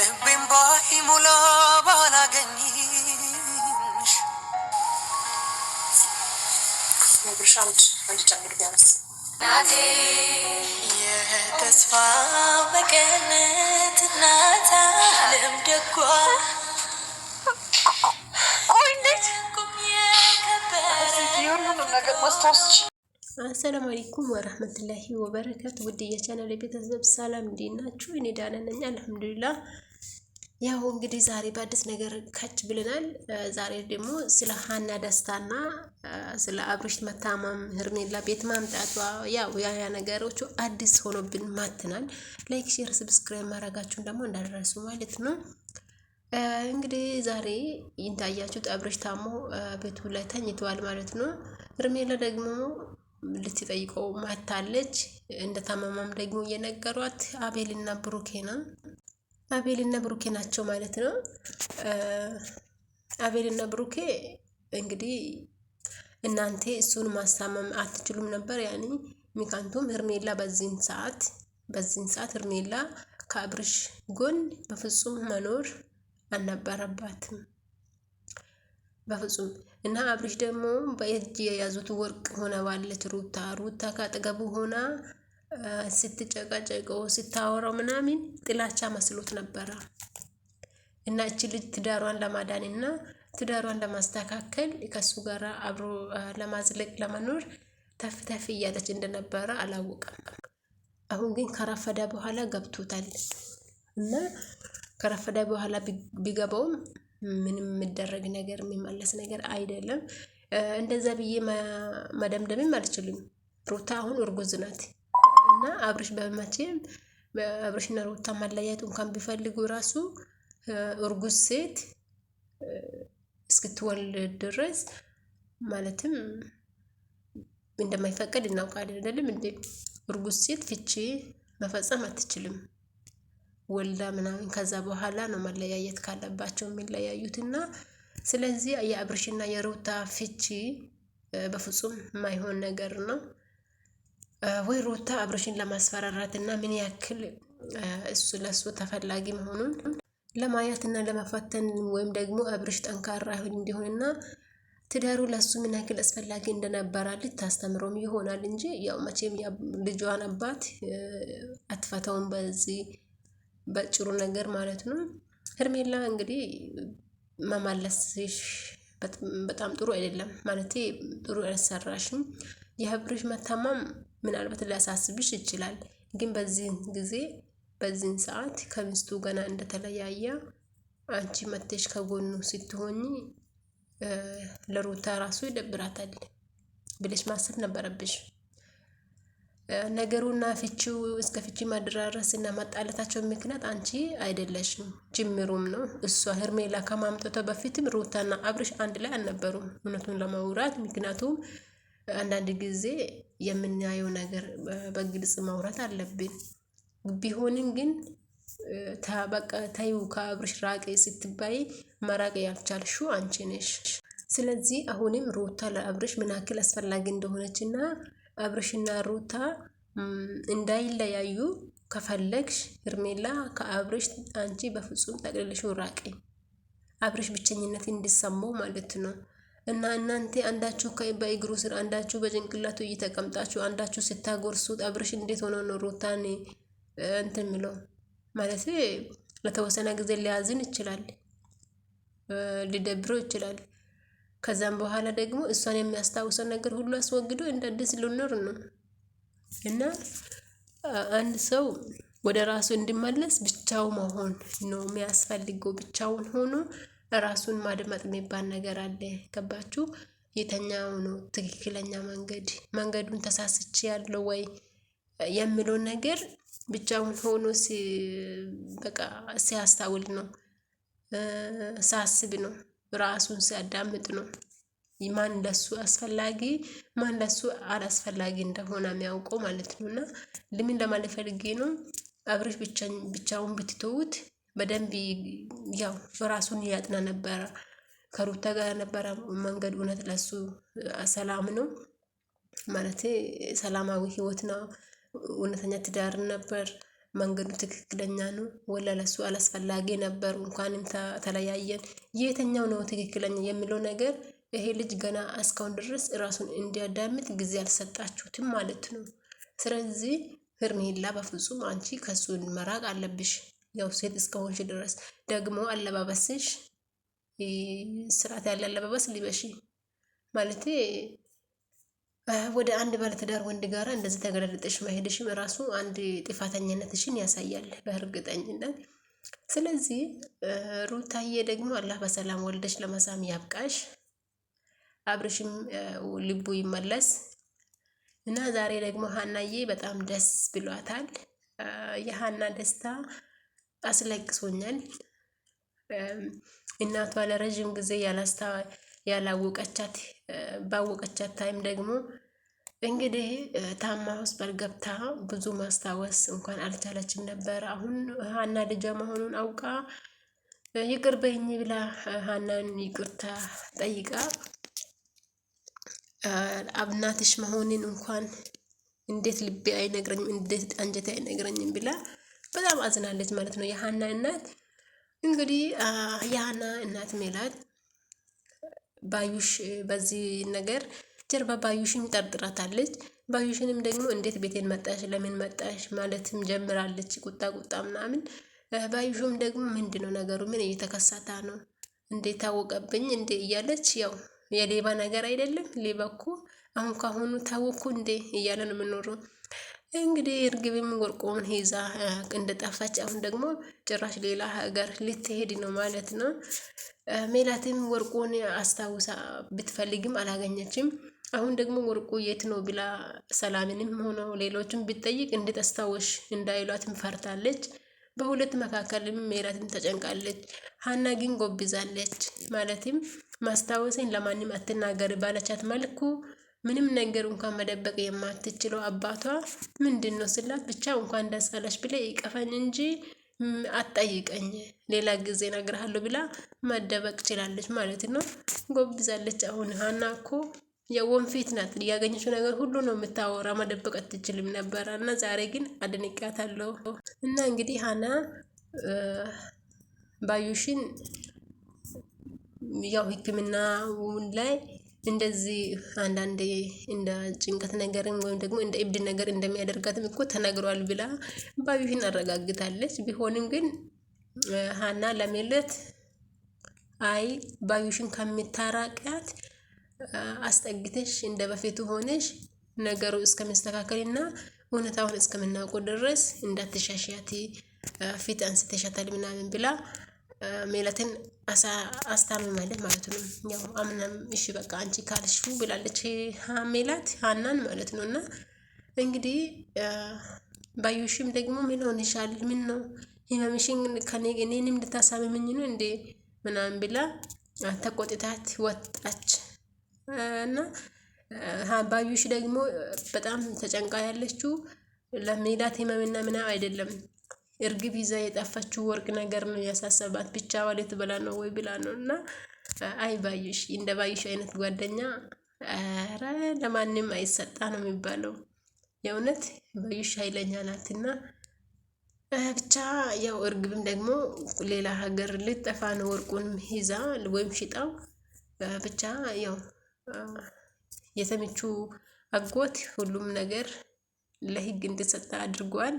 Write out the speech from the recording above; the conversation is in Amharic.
ልቤም ባይሞላ ባላገኝሽ የተስፋ መቀነት እናት አለም ደጓ አሰላሙ አለይኩም ወረህመቱላሂ ወበረካቱ። ውድ የቻናል ቤተሰብ ሰላም እንዴት ናችሁ? እኔ ደህና ነኝ አልሐምዱሊላህ። ያው እንግዲህ ዛሬ በአዲስ ነገር ከች ብለናል። ዛሬ ደግሞ ስለ ሀና ደስታና ስለ አብርሽ መታመም ሄርሜላ ቤት ማምጣቷ ያው ያያ ነገሮቹ አዲስ ሆኖብን ማትናል። ላይክ፣ ሼር፣ ስብስክራይብ ማድረጋችሁን ደግሞ እንዳደረሱ ማለት ነው። እንግዲህ ዛሬ እንዳያችሁት አብርሽ ታሞ ቤቱ ላይ ተኝተዋል ማለት ነው። ህርሜላ ደግሞ ልትጠይቀው ማታለች። እንደታመመም ደግሞ እየነገሯት አቤልና ብሩኬ ነው። አቤል እና ብሩኬ ናቸው ማለት ነው። አቤል እና ብሩኬ እንግዲህ እናንተ እሱን ማሳመም አትችሉም ነበር። ያኔ ሚካንቱም ሄርሜላ በዚህን ሰዓት በዚህን ሰዓት ሄርሜላ ከአብርሽ ጎን በፍጹም መኖር አልነበረባትም በፍጹም እና አብርሽ ደግሞ በእጅ የያዙት ወርቅ ሆነ ባለች ሩታ ሩታ ከአጠገቡ ሆና ስትጨቃጨቀው ስታወረው ምናምን ጥላቻ መስሎት ነበረ እና እቺ ልጅ ትዳሯን ለማዳን እና ትዳሯን ለማስተካከል ከሱ ጋር አብሮ ለማዝለቅ ለመኖር ተፍ ተፍ እያለች እንደነበረ አላወቀም። አሁን ግን ከረፈደ በኋላ ገብቶታል እና ከረፈደ በኋላ ቢገባውም ምንም የሚደረግ ነገር የሚመለስ ነገር አይደለም። እንደዛ ብዬ መደምደምም አልችልም። ሩታ አሁን እርጉዝ ናት። እና አብርሽ በመቼም አብርሽና ሩታ ማለያየት እንኳን ቢፈልጉ ራሱ እርጉዝ ሴት እስክትወልድ ድረስ ማለትም እንደማይፈቀድ እናውቃለን አይደለም እንዴ? እርጉዝ ሴት ፍቺ መፈጸም አትችልም። ወልዳ ምናምን ከዛ በኋላ ነው መለያየት ካለባቸው እና ስለዚህ የአብርሽና የሩታ ፍቺ በፍጹም የማይሆን ነገር ነው። ወይ ሩታ አብርሽን ለማስፈራራት እና ምን ያክል እሱ ለእሱ ተፈላጊ መሆኑን ለማየት እና ለመፈተን ወይም ደግሞ አብርሽ ጠንካራ እንዲሆንና ትዳሩ ለሱ ምን ያክል አስፈላጊ እንደነበረ ልታስተምረውም ይሆናል እንጂ ያው መቼም ልጇን አባት አትፈተውም በዚህ በጭሩ ነገር ማለት ነው። ሄርሜላ እንግዲህ መመለስሽ በጣም ጥሩ አይደለም ማለት ጥሩ አልሰራሽም። የአብርሽ መታማም ምናልባት ሊያሳስብሽ ይችላል። ግን በዚህን ጊዜ በዚህን ሰዓት ከሚስቱ ገና እንደተለያየ አንቺ መተሽ ከጎኑ ስትሆኝ ለሩታ ራሱ ይደብራታል ብለሽ ማሰብ ነበረብሽ። ነገሩና ፍቺው እስከ ፍቺ ማደራረስ እና ማጣለታቸው ምክንያት አንቺ አይደለሽም፣ ጅምሩም ነው እሷ። ሄርሜላ ከማምጠቷ በፊትም ሩታና አብርሽ አንድ ላይ አልነበሩም እውነቱን ለማውራት ምክንያቱም አንዳንድ ጊዜ የምናየው ነገር በግልጽ ማውራት አለብን። ቢሆንም ግን በቃ ተይው ከአብርሽ ራቄ ስትባይ መራቅ ያልቻልሹ አንቺ ነሽ። ስለዚህ አሁንም ሩታ ለአብርሽ ምን ያክል አስፈላጊ እንደሆነችና አብርሽና ሩታ እንዳይለያዩ ከፈለግሽ ሄርሜላ ከአብርሽ አንቺ በፍጹም ጠቅልልሽ ራቂ። አብርሽ ብቸኝነት እንዲሰማው ማለት ነው። እና እናንተ አንዳችሁ በእግሩ ስር አንዳችሁ በጭንቅላቱ እየተቀምጣችሁ አንዳችሁ ስታጎርሱት አብርሽ እንዴት ሆኖ ነው ሩታን እንትን የሚለው ማለት ለተወሰነ ጊዜ ሊያዝን ይችላል፣ ሊደብረው ይችላል። ከዛም በኋላ ደግሞ እሷን የሚያስታውሰው ነገር ሁሉ አስወግዶ እንደ አዲስ ልኖር ነው እና አንድ ሰው ወደ ራሱ እንዲመለስ ብቻው መሆን ነው የሚያስፈልገው። ብቻውን ሆኖ ራሱን ማድመጥ የሚባል ነገር አለ። ገባችሁ? የተኛው ነው ትክክለኛ መንገድ መንገዱን ተሳስች ያለው ወይ የሚለው ነገር ብቻውን ሆኖ በቃ ሲያስታውል ነው፣ ሳስብ ነው፣ ራሱን ሲያዳምጥ ነው። ማን ለሱ አስፈላጊ ማን ለሱ አላስፈላጊ እንደሆነ የሚያውቀው ማለት ነው። እና ልምን ለማለፈልጌ ነው አብርሽ ብቻውን ብትተውት በደንብ ያው ራሱን እያጥና ነበረ። ከሩታ ጋር ነበረ መንገድ እውነት ለሱ ሰላም ነው ማለት ሰላማዊ ህይወት ነው። እውነተኛ ትዳር ነበር። መንገዱ ትክክለኛ ነው። ወላ ለሱ አላስፈላጊ ነበር። እንኳንም ተለያየን። የትኛው ነው ትክክለኛ የሚለው ነገር ይሄ ልጅ ገና እስካሁን ድረስ ራሱን እንዲያዳምጥ ጊዜ አልሰጣችሁትም ማለት ነው። ስለዚህ ሄርሜላ በፍጹም አንቺ ከሱ መራቅ አለብሽ። ያው ሴት እስከሆንሽ ድረስ ደግሞ አለባበስሽ ስርዓት ያለ አለባበስ ሊበሽ ማለት ወደ አንድ ባለትዳር ወንድ ጋራ እንደዚህ ተገለልጠሽ መሄድሽም ራሱ አንድ ጥፋተኝነትሽን ያሳያል በእርግጠኝነት። ስለዚህ ሩታዬ ደግሞ አላህ በሰላም ወልደሽ ለመሳም ያብቃሽ፣ አብርሽም ልቡ ይመለስ እና ዛሬ ደግሞ ሀናዬ በጣም ደስ ብሏታል። የሀና ደስታ አስለቅሶኛል። እናቷ ለረዥም ጊዜ ያላወቀቻት ባወቀቻት ታይም ደግሞ እንግዲህ ታማ ሆስፒታል ገብታ ብዙ ማስታወስ እንኳን አልቻለችም ነበር። አሁን ሀና ልጇ መሆኑን አውቃ ይቅር በይኝ ብላ ሀናን ይቅርታ ጠይቃ አብናትሽ መሆንን እንኳን እንዴት ልቤ አይነግረኝም፣ እንዴት አንጀቴ አይነግረኝም ብላ በጣም አዝናለች ማለት ነው። የሀና እናት እንግዲህ የሀና እናት ሜላት ባዩሽ በዚህ ነገር ጀርባ ባዩሽን ጠርጥራታለች። ባዩሽንም ደግሞ እንዴት ቤቴን መጣሽ፣ ለምን መጣሽ ማለትም ጀምራለች። ቁጣ ቁጣ ምናምን ባዩሽም ደግሞ ምንድን ነው ነገሩ፣ ምን እየተከሰተ ነው እንዴ ታወቀብኝ እንዴ እያለች ያው የሌባ ነገር አይደለም ሌባ እኮ አሁን ካሁኑ ታወቅኩ እንዴ እያለ ነው የምኖረው። እንግዲህ እርግብም ወርቆን ይዛ እንደጠፋች አሁን ደግሞ ጭራሽ ሌላ ሀገር ልትሄድ ነው ማለት ነው። ሜላትም ወርቁን አስታውሳ ብትፈልግም አላገኘችም። አሁን ደግሞ ወርቁ የት ነው ብላ ሰላምንም ሆነ ሌሎችም ብትጠይቅ እንድታስታውሽ እንዳይሏትም ፈርታለች። በሁለት መካከልም ሜላትም ተጨንቃለች። ሀና ግን ጎብዛለች። ማለትም ማስታወሰኝ ለማንም አትናገር ባለቻት መልኩ ምንም ነገር እንኳን መደበቅ የማትችለው አባቷ ምንድን ነው ስላት ብቻ እንኳን ደስ አለሽ ብላ ይቀፈኝ እንጂ አጠይቀኝ ሌላ ጊዜ ነግርሃለሁ ብላ መደበቅ ችላለች ማለት ነው። ጎብዛለች። አሁን ሀና እኮ የወንፊት ናት። ያገኘችው ነገር ሁሉ ነው የምታወራ፣ መደበቅ አትችልም ነበረ እና ዛሬ ግን አድንቃታለሁ። እና እንግዲህ ሀና ባዩሽን ያው ሕክምናውን ላይ እንደዚህ አንዳንዴ እንደ ጭንቀት ነገርም ወይም ደግሞ እንደ እብድ ነገር እንደሚያደርጋትም እኮ ተነግሯል ብላ ባዩሽን አረጋግታለች ቢሆንም ግን ሀና ለሜለት አይ ባዩሽን ከምታራቅያት አስጠግተሽ እንደ በፊቱ ሆነሽ ነገሩ እስከሚስተካከልና እውነታውን እስከምናውቁ ድረስ እንዳትሻሻያት ፊት አንስተሻታል ምናምን ብላ ሜለትን አስታምማለች ማለት ነው። ያው አምናም እሺ በቃ አንቺ ካልሽፉ ብላለች ሜላት ሀናን ማለት ነው። እና እንግዲህ ባዩሽም ደግሞ ምን ሆንሻል? ምን ነው ህመምሽን እኔንም ልታሳምምኝ ነው እንዴ ምናምን ብላ ተቆጥታት ወጣች። እና ባዩሽ ደግሞ በጣም ተጨንቃ ያለችው ለሜላት ህመምና ምናምን አይደለም እርግብ ይዛ የጠፋችው ወርቅ ነገር ነው ያሳሰባት። ብቻ ወዴት ብላ ነው ወይ ብላ ነው እና አይ ባዩሽ፣ እንደ ባዩሽ አይነት ጓደኛ ኧረ ለማንም አይሰጣ ነው የሚባለው። የእውነት ባዩሽ ኃይለኛ እና ብቻ ያው እርግብም ደግሞ ሌላ ሀገር ልጠፋ ነው ወርቁን ይዛ ወይም ሽጣው ብቻ ያው የተምቹ አጎት ሁሉም ነገር ለህግ እንድሰጣ አድርጓል።